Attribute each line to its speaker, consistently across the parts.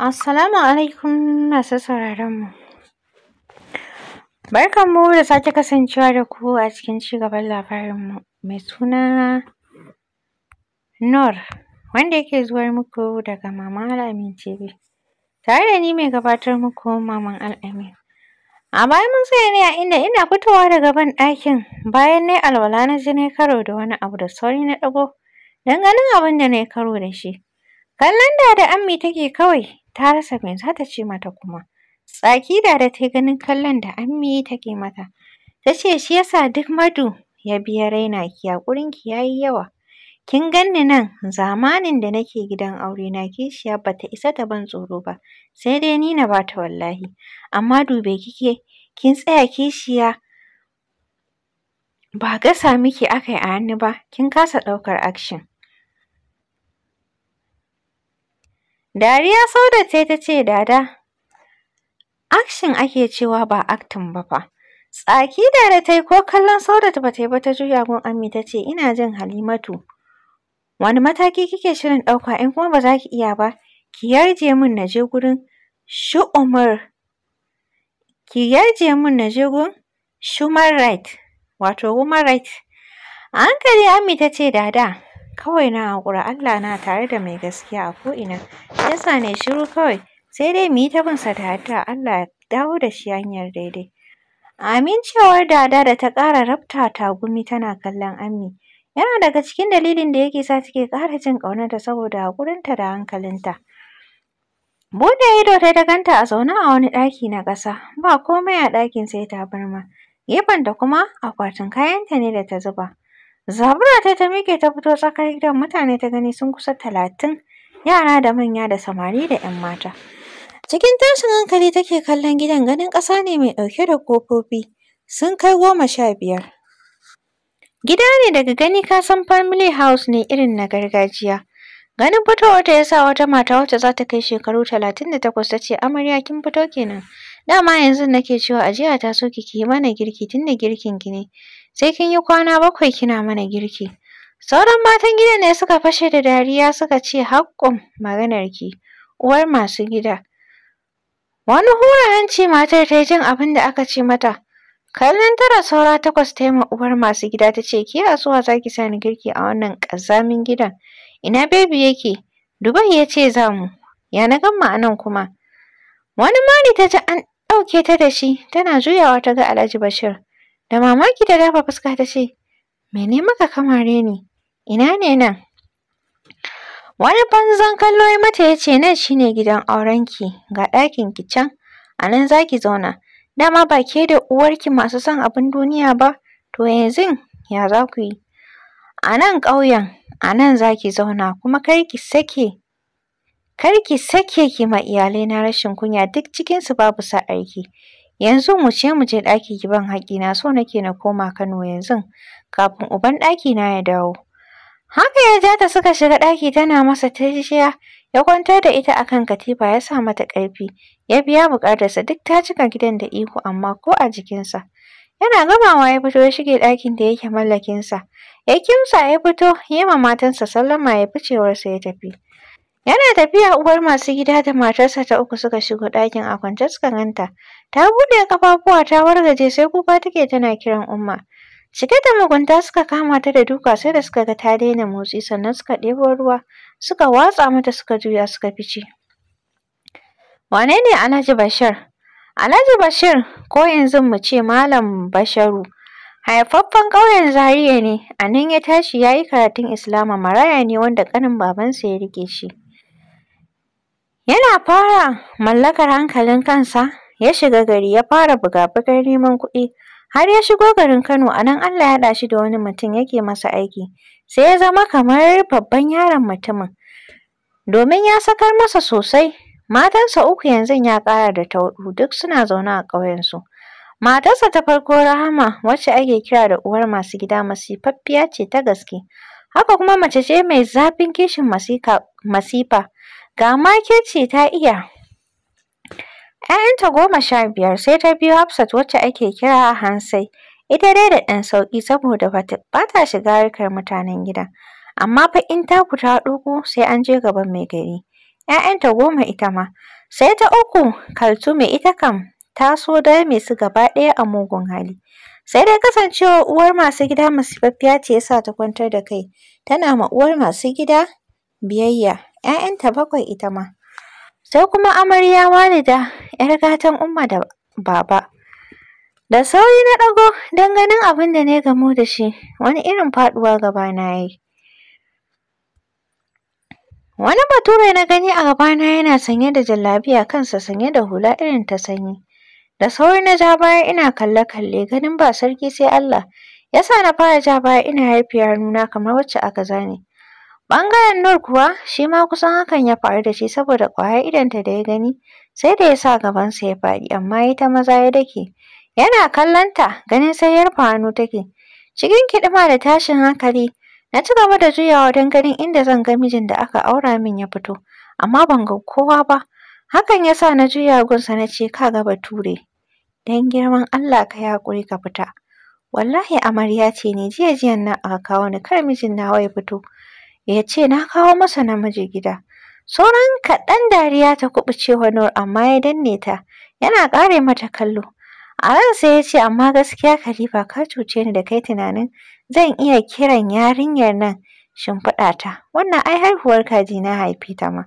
Speaker 1: Assalamu alaikum masu Barkan mu da sake kasancewa da ku a cikin cigaban mu mai suna Nor wanda yake zuwar muku daga Al-Amin TV. Tare da ni mai gabatar muku Maman amin A baya mun tsaya ne a inda ina fitowa daga ban ɗakin bayan na yi alwala na je na karo da wani abu da sauri na ɗago don abin da na karo da shi. Kallon da da Ammi take kawai, ta rasa me za ta ce mata kuma. Tsaki da da ta ganin kallon da Ammi take mata. Ta ce shi yasa duk madu ya biya raina ki haƙurin ki yayi yawa. Kin ganni nan zamanin da nake gidan aure na kishiya bata isa ta ban tsoro ba, sai dai ni na bata wallahi. Amma dube kike, kin tsaya kishiya ba gasa miki aka yi a hannu ba, kin kasa ɗaukar action. Dariya sauda sai ta ce, Dada, action ake cewa ba acting ba fa. Tsaki da ta yi ko kallon Saudat ba ta yi ba ta juya gun Ami ta ce, Ina jin Halimatu. Wani mataki kike shirin ɗauka in kuma ba za ki iya ba, ki yarje min na je gurin Shu'umar. Ki yarje min na je gurin Human Right, wato Woman Right. A hankali Ami ta ce, Dada, Kawai na haƙura Allah na tare da mai gaskiya a ko'ina. ina yasa ne shiru kawai. Sai dai mu yi ta binsa da addu'a Allah ya dawo da shi hanyar daidai. Amincewar cewar Dada da ta ƙara rabta tagumi tana kallon Ami Yana daga cikin dalilin da yake sa take ƙara jin ƙaunarta saboda haƙurinta da hankalinta. Bude ido ta ta ganta a zaune a wani ɗaki na ƙasa, ba komai a ɗakin sai ta gefen da kuma akwatin kayanta ne da ta zuba. Zabura ta ta miƙe ta fito tsakar gidan mutane ta gani sun kusa talatin yara da manya da samari da 'yan mata. Cikin tashin hankali take kallon gidan ganin ƙasa ne mai ɗauke da ƙofofi sun kai goma sha biyar. Gida ne daga gani ka san family house ne irin na gargajiya. Ganin fitowarta ya sa wata mata wacce za ta kai shekaru talatin da takwas ta ce amarya kin fito kenan. Dama yanzu nake cewa ajiya ta so ki yi mana girki tunda girkin ki ne. sai kin yi kwana bakwai kina mana girki. Sauran matan gidan ne suka fashe da dariya suka ce maganar ki. uwar masu gida. Wani hura hanci matar ta yi jin abin da aka ce mata. Kallon tara saura takwas ta yi ma uwar masu gida ta ce ke zuwa za ki sani girki a wannan ƙazamin gidan. Ina bebi yake? Dubai ya ce za mu. Ya na gama a kuma. Wani mari ta ji an ɗauke ta da shi tana juyawa ta ga Alhaji Bashir. Da mamaki da dafa fuska ta ce, mene maka kamare ne? Ina ne nan? Wani banzan kallo ya mata ya ce nan shine gidan aurenki ga ɗakin ki can, a nan za ki zauna. Dama ba ke da uwarki masu son abin duniya ba, to yanzu ya za ku yi? A nan ƙauyen, a nan za ki zauna kuma kar ki sake kar ki sake ki ma iyalai na rashin kunya duk cikinsu babu sa'arki. Yanzu mu ce mu je ɗaki giban ban na, so nake na koma Kano yanzu kafin uban ɗaki na ya dawo. Haka ya ja ta suka shiga ɗaki tana masa tashiya ya kwanta da ita a kan katifa ya sa mata ƙarfi ya biya buƙatarsa duk ta cika gidan da ihu amma ko a jikinsa. Yana gamawa ya fito ya shige ɗakin da yake mallakinsa. Ya kimsa ya fito ya ma matansa sallama ya ficewarsa ya tafi. Yana tafiya uwar masu gida da matarsa ta uku suka shigo ɗakin a kwance suka ganta. Ta buɗe ƙafafuwa ta wargaje sai kuka take tana kiran umma. Cike da mugunta suka kama ta da duka sai da suka ga ta daina motsi sannan suka ɗebo ruwa suka watsa mata suka juya suka fice. Wane ne Alhaji Bashir? Alhaji Bashir ko yanzu mu ce Malam Basharu. Haifaffen ƙauyen Zariya ne, a nan ya tashi ya yi karatun Islama maraya ne wanda ƙanin babansa ya riƙe shi. Yana fara mallakar hankalin kansa, ya shiga gari ya fara buga-bugar neman kuɗi. Har ya shigo garin Kano a nan Allah ya haɗa shi da wani mutum yake masa aiki. Sai ya zama kamar babban yaron mutumin. Domin ya sakar masa sosai, matansa uku yanzu ya ƙara da ta huɗu duk suna zaune a ƙauyensu. Matarsa ta farko Rahama wacce ake kira da uwar masu gida masifaffiya ce ta gaske. Haka kuma mace ce mai zafin kishin masifa. ga ma ce ta iya ‘ya'yanta goma sha biyar sai ta biyo Hafsat wacce ake kira Hansai ita dai da ɗan sauƙi saboda ba ta shiga harkar mutanen gida amma fa in ta ta ɗugu sai an je gaban mai gari ‘ya'yanta goma ita ma sai ta uku Kaltume ita kam ta so mai su gaba ɗaya a mugun hali sai dai kasancewar uwar masu gida masifaffiya ce ya sa ta kwantar da kai tana ma uwar masu gida biyayya 'ya'yanta bakwai ita ma. Sai kuma amarya da 'yar gatan Umma da Baba. Da sauri na ɗago don ganin abin da na gamo da shi, wani irin faɗuwa gabana ya yi. Wani bature na gani a gabana yana sanye da jallabi a kansa sanye da hula irin ta sanyi. Da sauri na ja baya ina kalle-kalle ganin ba sarki sai Allah. Ya sa na fara ja baya ina rufe hannuna kamar wacce aka zane. Bangaren Nur kuwa shi ma kusan hakan ya faru da shi saboda kwaya idanta da ya gani sai da ya sa gabansa ya faɗi amma ita maza ya dake. Yana kallonta ganin sai ya hannu take. Cikin kiɗima da tashin hankali na ci gaba da juyawa don ganin inda zan ga mijin da aka aura min ya fito amma ban ga kowa ba. Hakan ya sa na juya gunsa na ce ka ga Bature don girman Allah ka yi haƙuri ka fita. Wallahi amarya ce ne jiya jiyan nan aka kawo ni kar mijin nawa ya fito. ya ce na kawo masa namiji gida. Sauran kaɗan dariya ta kuɓuce wa Nur amma ya danne ta, yana ƙare mata kallo. A sai ya ce amma gaskiya Khalifa ka cuce ni da kai tunanin zan iya kiran yarinyar nan shimfiɗata. wannan ai haihuwar kaji na haife ta ma.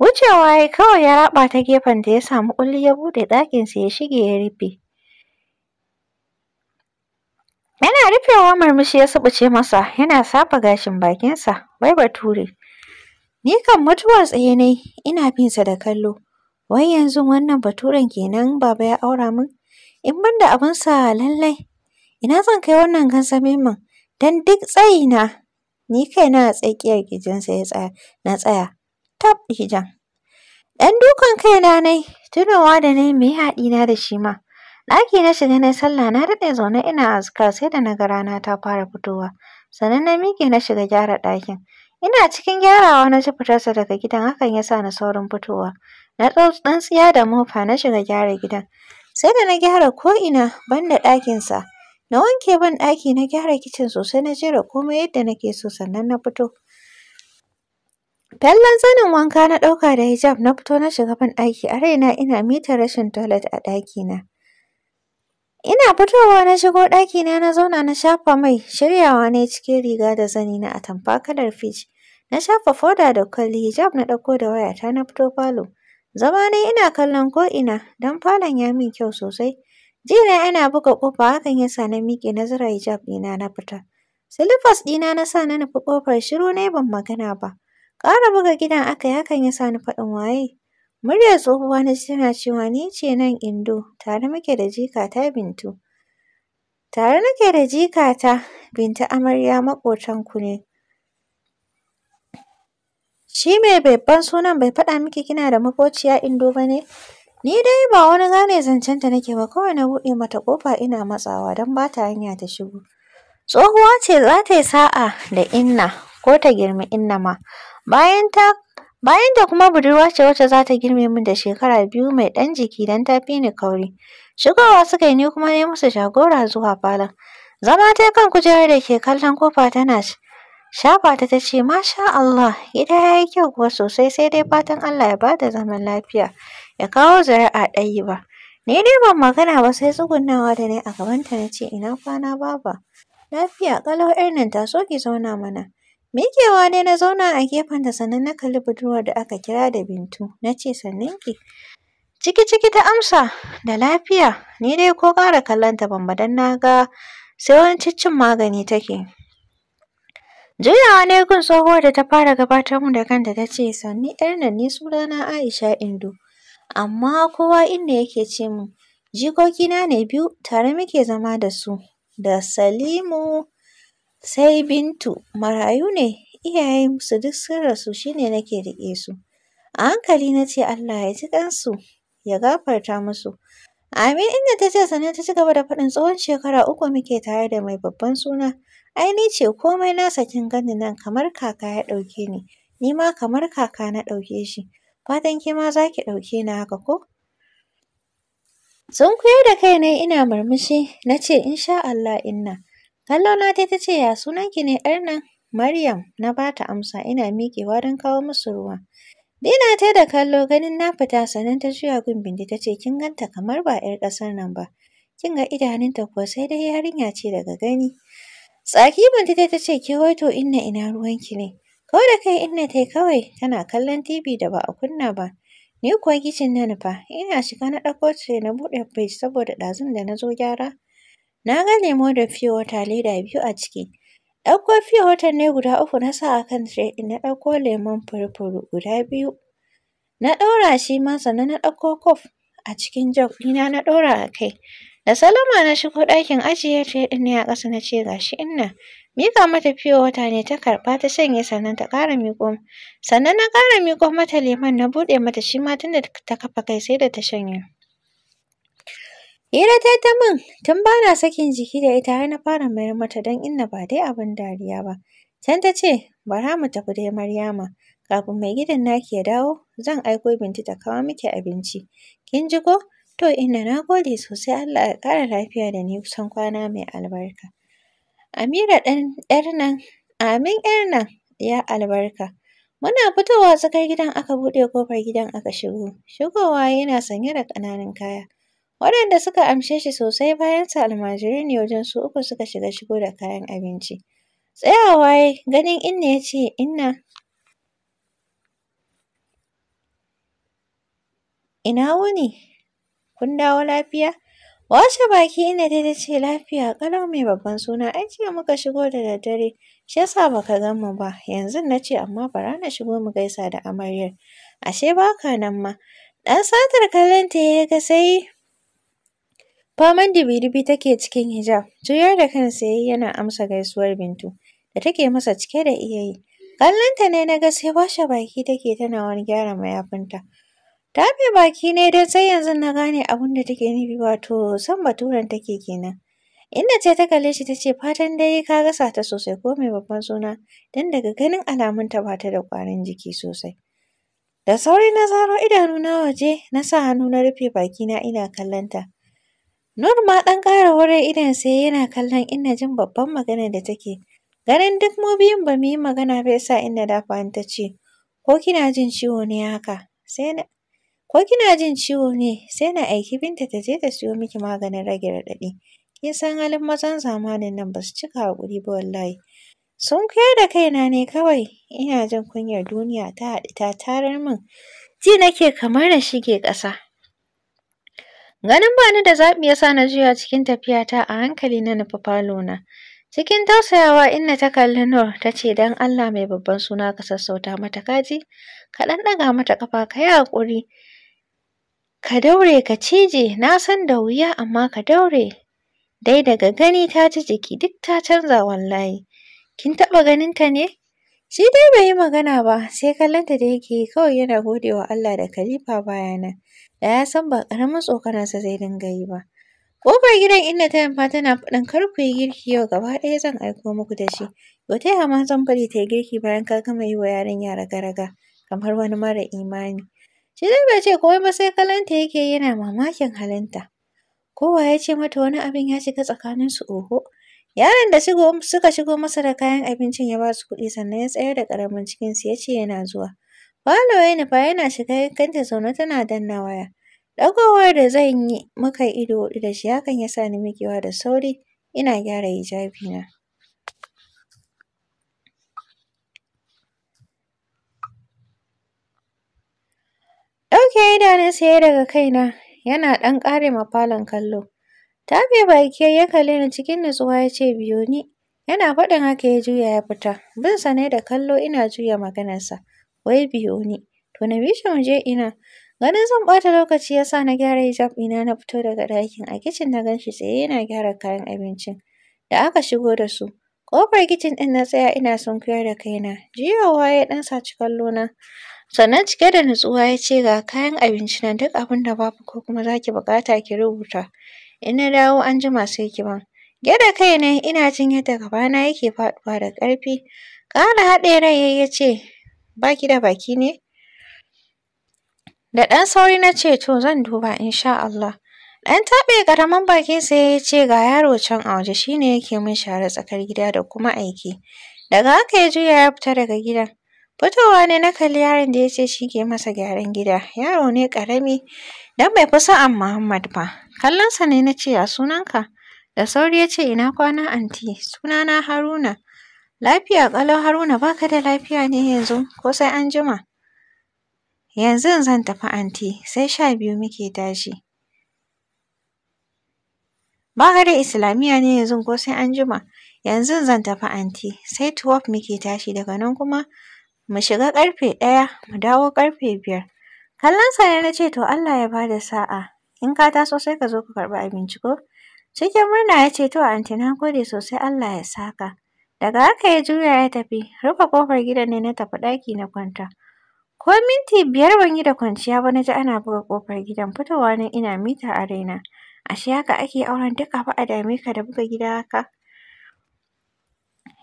Speaker 1: Wucewa ya kawai ya raɓa ta gefen da ya samu ƙulli ya buɗe ɗakinsa ya shige ya rufe. Yana rufewa marmushi ya subuce masa, yana safa gashin bakinsa, wai bature. Ni kan mutuwar tsaye ne, ina bin da kallo. Wai yanzu wannan baturen kenan baba ya aura min? In ban da abinsa lallai, ina zan kai wannan gansamin min? Don duk tsayina, ni kaina na tsakiyar ƙirjinsa ya tsaya, na tsaya, tab hijan. Ɗan dukan kaina na tunawa da na yi haɗina da shi ma. Ɗaki na shiga na sallah na daɗe zaune ina azkar sai da na ga rana ta fara fitowa. Sannan na miƙe na shiga gyara ɗakin. Ina cikin gyarawa na ci fitarsa daga gidan hakan ya sa na saurin fitowa. Na ɗau tsiya da mofa na shiga gyara gidan. Sai da na gyara ko'ina banda ɗakinsa. Na wanke ban ɗaki na gyara kicin sosai na jera komai yadda nake so sannan na fito. Fallon zanin wanka na ɗauka da hijab na fito na shiga ban ɗaki a raina ina mita rashin toilet a ɗakina. Ina fitowa na shigo ɗakina na zauna na shafa mai shiryawa ne cikin riga da zani na atamfa kalar fij Na shafa foda da kwalli hijab na ɗauko da wayata na fito falo. Zama ne ina kallon ko'ina don falon ya min kyau sosai. na ana buga ƙofa hakan ya sa na miƙe na zura hijab ɗina na fita. Silifas ɗina na sa na nufi ƙofar shiru ne ban magana ba. Ƙara buga gidan aka yi hakan ya sa ni faɗin waye. Muryar tsohuwa na ji tana cewa ni ce nan Indo, tare muke da jikata Bintu. Tare nake da jikata Bintu amarya maƙotanku ne. Shi mai babban sunan bai faɗa miki kina da makociya Indo ba ne? Ni dai ba wani gane zancenta nake ba kawai na buɗe mata ƙofa ina matsawa don ba ta hanya ta shigo. Tsohuwa ce za ta yi sa'a da Inna ko ta girmi Inna ma. Bayan ta Bayan da kuma budurwa ce wacce za ta girme min da shekara biyu mai ɗan jiki don ta fi ni kauri. Shigowa suka yi ni kuma na yi musu jagora zuwa falon. Zama ta kan kujerar da ke kallon kofa tana shafa ta ta ce masha Allah gida ya yi kyau kuwa sosai sai dai fatan Allah ya ba da zaman lafiya ya kawo zuri'a ɗayi ba. Ni dai ban magana ba sai tsugunnawa da na yi a gabanta na ce ina kwana baba. Lafiya ƙalau 'yar nan ta so ki zauna mana. Miƙewa ne na zauna a gefenta sannan na kalli budurwar da aka kira da Bintu na ce sannan ki. Ciki-ciki ta amsa da lafiya ni dai ko ƙara kallonta ban ba don na ga sai wani ciccin magani take. Juyawa ne gun tsohuwar da ta fara gabatar mu da kanta ta ce sannu ƴar nan ni sunana Aisha Indo amma kowa inda yake ce min jikokina ne biyu tare muke zama da su da Salimu sai Bintu marayu ne iyayen su duk sun rasu shine nake riƙe su. A hankali na ce Allah ya ji kansu ya gafarta musu. Amin inda ta ce sannan ta ci gaba da faɗin tsawon shekara uku muke tare da mai babban suna. Ai ni ce komai na sakin gani nan kamar kaka ya ɗauke ni, ni ma kamar kaka na ɗauke shi. Fatan ke ma za ki ɗauke ni haka ko? Sun koyar da kai ne ina murmushi na ce insha Allah inna. Kallona tai ta ce, ya sunanki ne ‘yar nan? Maryam na bata amsa ina miƙewa don kawo musu ruwa. Dina ta da kallo ganin na fita sannan ta juya gun Bindi ta ce kin ganta kamar ba ‘yar ƙasar nan ba. Kin ga idanunta kuwa sai dai yarinya ce daga gani. Tsaki Bindi ta ce ke wai to inna ina ruwanki ne? Kau da kai inna tai kawai tana kallon TV da ba a kunna ba. Ni kuwa kicin na nufa ina shiga na ɗauko tire na buɗe fridge saboda ɗazun da na zo gyara Na ga lemo da fiyo wata leda biyu a ciki. Ɗauko fiyo watan ne guda uku na sa a kan tire ɗin na ɗauko lemon furfuru guda biyu. Na ɗaura shi ma sannan na ɗauko kof a cikin jog ɗina na ɗora a kai. Da salama na shigo ɗakin ajiye tire ɗin ne a ƙasa na ce ga shi ina. Miƙa mata fiye wata ne ta karɓa ta shanye sannan ta ƙara miƙo sannan na ƙara miƙo mata lemon na buɗe mata shi ma tunda ta kafa kai sai da ta shanye. Hira ta min tun ba na sakin jiki da ita har na fara mayar mata don inna ba dai abin dariya ba. Can ta ce, bara mu tafi dai Maryama, kafin mai gidan naki ya dawo zan aiko Bintu ta kawo miki abinci. Kin ji ko? To inna na gode sosai Allah ya ƙara lafiya da ni kusan kwana mai albarka. Amira ɗan ‘yar nan, amin ‘yar nan ya albarka. Muna fitowa tsakar gidan aka buɗe ƙofar gidan aka shigo. Shigowa yana sanye da ƙananan kaya. Waɗanda suka amshe shi sosai bayan bayansa almajirai ne wajen su uku suka shiga shigo da kayan abinci. Tsayawa ya ganin Inna ya ce, Inna ina wuni? Kun dawo lafiya? Washe baki Inna dai ta ce lafiya ƙalau mai babban suna ai ce muka shigo da daddare shi ya sa ba ka gan mu ba yanzu na ce amma bara na shigo mu gaisa da amaryar ashe baka nan ma. Ɗan satar kallon ta ya ga sai Faman dibi-dibi take cikin hijab, juyar da kan yayi yana amsa gaisuwar Bintu da take masa cike da iyayi. Kallonta ne na ga sai washe baki take tana wani gyara mayafinta. Ta fi baki ne don sai yanzu na gane abin da take nufi wato san baturen take kenan. Inda ce ta kalle shi ta ce fatan dai ka gasa ta sosai ko mai babban suna don daga ganin alamunta ba ta da ƙwarin jiki sosai. Da sauri na zaro idanu na waje na sa hannu na rufe baki na ina kallonta. Nur ɗan ƙara wurin idon sai yana kallon Inna jin babban magana da take. Ganin duk mu biyun ba mu yi magana ba ya sa Inna dafa ni ta ce, ko kina jin ciwo ne haka? Sai na ko kina jin ciwo ne sai na aiki Binta ta je ta siyo miki maganin rage raɗaɗi. Kin san halin mazan zamanin nan ba su cika haƙuri ba wallahi. Sun koyar da kaina ne kawai, ina jin kunyar duniya ta haɗu ta tarar min. Ji nake kamar na shige ƙasa. Ganin bani da zaɓi ya sa na juya cikin tafiyata a hankali na nufi na. Cikin tausayawa inna ta kalli Nur ta ce don Allah mai babban suna ka sassauta mata kaji, ka ɗan ɗaga mata ƙafa ka yi haƙuri, ka daure ka cije na san da wuya amma ka daure. Dai daga gani ta ji jiki duk ta canza wallahi. Kin taɓa ganin ta ne? Shi dai bai yi magana ba sai kallonta da yake yi kawai yana gode wa Allah da Khalifa bayana. da ya san ba ƙaramin tsokanarsa zai dinga yi ba. Ƙofar gidan inda ta yamma tana faɗin kar ku yi girki yau gaba ɗaya zan aiko muku da shi. Yau ta ma zan bari ta yi girki bayan ka gama yi wa yarinya raga-raga kamar wani mara imani. Shi dai bai ce komai ba sai kallonta yake yana mamakin halinta. Kowa ya ce mata wani abin ya shiga tsakaninsu oho. Yaron da suka shigo masa da kayan abincin ya ba su kuɗi sannan ya tsayar da ƙaramin cikinsu ya ce yana zuwa. Falo ya nufa yana shiga yankanta zaune tana danna waya. Ɗagowar da zan yi muka ido huɗu da shi hakan ya sa ni miƙewa da sauri ina gyara hijabi na. Ɗauke idanun sa ya yi daga kaina yana ɗan ƙare ma falon kallo. Ta fi baki ya kalle ni cikin natsuwa ya ce biyo ni. Yana faɗin haka ya juya ya fita. Bin sa ne da kallo ina juya maganarsa. wai biyu ne, To na bishi mu je ina. Ganin zan ɓata lokaci ya sa na gyara hijab ina na fito daga ɗakin. A kicin na ganshi, tsaye yana gyara kayan abincin da aka shigo da su. Ƙofar kicin ɗin na tsaya ina sunkuyar da kaina. Juyowa ya ɗan saci na? Sannan cike da nutsuwa ya ce ga kayan abinci nan duk abin da babu ko kuma zaki ki buƙata ki rubuta. In na dawo an jima sai ki ban. Gyara kai ne ina jin yadda gabana yake faɗuwa da ƙarfi. Ƙara haɗe rai ya ce ba ki da baki ne? Da ɗan sauri na ce to zan duba in sha Allah. Ɗan taɓe ƙaramin bakinsa ya ce ga yaro can a waje shi ne yake min share tsakar gida da kuma aiki. Daga haka ya juya ya fita daga gidan. Fitowa ne na kalli yaron da ya ce shi ke masa gyaran gida. Yaro ne ƙarami don bai fi sa'an Muhammad ba. Kallonsa ne na ce a sunanka? Da sauri ya ce ina kwana anti sunana Haruna. Lafiya ƙalau Haruna ba ka da lafiya ne yanzu ko sai an jima? Yanzu zan tafi anti sai sha biyu muke tashi. Ba ka da islamiyya ne yanzu ko sai an jima? Yanzu zan tafi anti sai twelve muke tashi daga nan kuma mu shiga ƙarfe ɗaya mu dawo ƙarfe biyar. sa ne na ce to Allah ya bada sa'a in ka taso sai ka zo ka karɓi abinci ko? Cikin murna ya ce to anti na gode sosai Allah ya saka. Daga haka ya juya ya tafi. Rufe kofar gidan ne na tafi ɗaki na kwanta. Ko minti biyar ban yi da kwanciya ba na ji ana buga ƙofar gidan. Fitowa ne ina mita a raina. Ashe haka ake auren duk abu a dame ka da buga gida haka?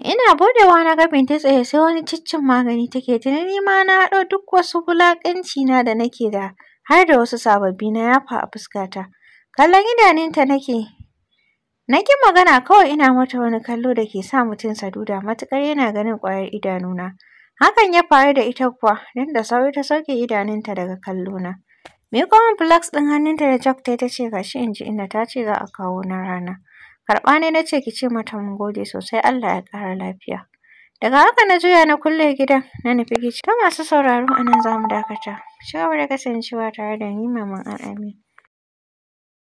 Speaker 1: Ina buɗewa na ga Binta tsaye sai wani ciccin magani take tunani ma na haɗo duk wasu wulaƙanci na da nake da har da wasu sababbi na yafa a fuskata. Kallon idanunta nake Na ƙi magana kawai ina mata wani kallo da ke sa mutum saduda matuƙar yana ganin ƙwayar idanuna. Hakan ya faru da ita kuwa don da sauri ta sauke idanunta daga kallona. Miƙo min flask ɗin hannunta da Jug ta ce ga shi in ji inda ta ce za a kawo na rana. Karɓa ne na ce ki ce mata mun gode sosai Allah ya ƙara lafiya. Daga haka na juya na kulle gidan na nufi gici. Ta masu sauraro a nan za mu dakata. Ci gaba da kasancewa tare da ni Maman Al'amin.